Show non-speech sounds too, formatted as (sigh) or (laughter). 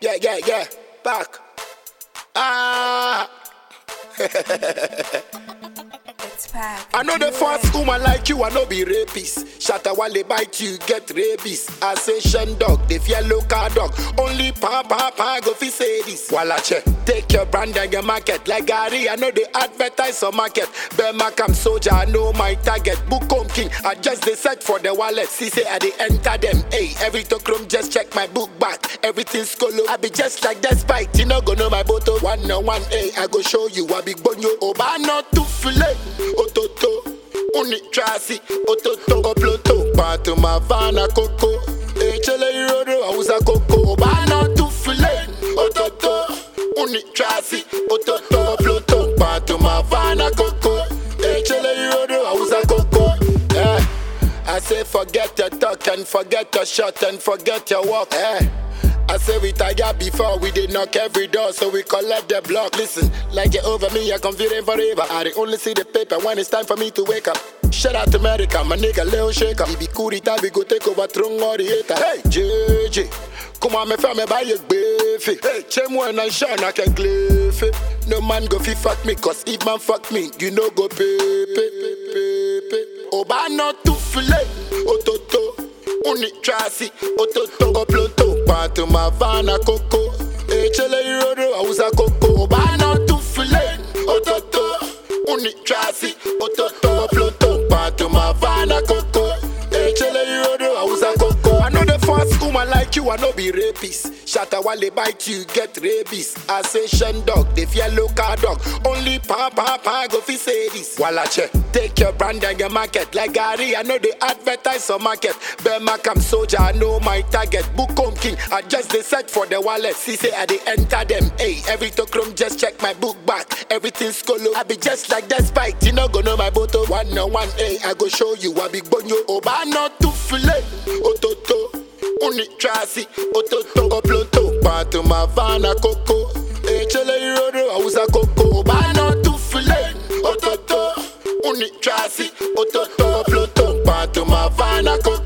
yeah, yeah, yeah, back. Ah. (laughs) I know the first woman like you, I know be rapist. Shatter while they bite you, get rabies. Assassin dog, they fear local dog. Only pa pa pa go fi say this. Walla che, take your brand and your market. Like Gary, I know they advertise on market. am soldier, I know my target. Book on king, I just the set for the wallet. See say I they enter them. Hey, every room, just check my book back. Everything's colo. I be just like that spike. You know go know my bottle. One on one, hey, I go show you. I be bonyo. Oba not too fillet. Uni chassis ototo ploto Pato mavana coco Echele irodo ausa coco Bana tu filen Ototo uni chassis ototo ploto Pato mavana coco Echele irodo ausa coco Eh I say forget your talk and forget your shot and forget your walk Eh I say we tired before we did knock every door, so we collect the block. Listen, like it over me, I'm feeling forever. I only see the paper when it's time for me to wake up. Shout out to America, my nigga Leo Shaker. He be cool, that we go take over throne or the hater. Hey, JJ, come on, me family, me buy your beefy. Hey, Chemo and I shine, I can glyph No man go fi fuck me, cause if man fuck me, you know go pay, pay, pay, pay, To, Oba oh, no To filet, ototo. Uni ototo go ploto. To my van a coco, Matu mavana koko Echele irodo auza koko Bana to, filen Ototo traffic. Ototo Make you a no be rapist. Shatter while they bite you, get rabies. I dog, the yellow car dog. Only pa pa pa go fi say this. Walache, take your brand and your market. Like Gary, I know they advertise on market. Bermack, I'm soldier, I know my target. Book Bookom king, I just they set for the wallet. See say I they enter them. Hey, every tokrom just check my book back. Everything's colo. I be just like that spike. You know go know my bottle. One on one, hey, I go show you. I be bonyo. Oba not to fillet. Ototo unitrasi ototongo ploto pato mavana koko echele eh, irodo ausa koko bana tufile ototo unitrasi ototongo ploto pato mavana koko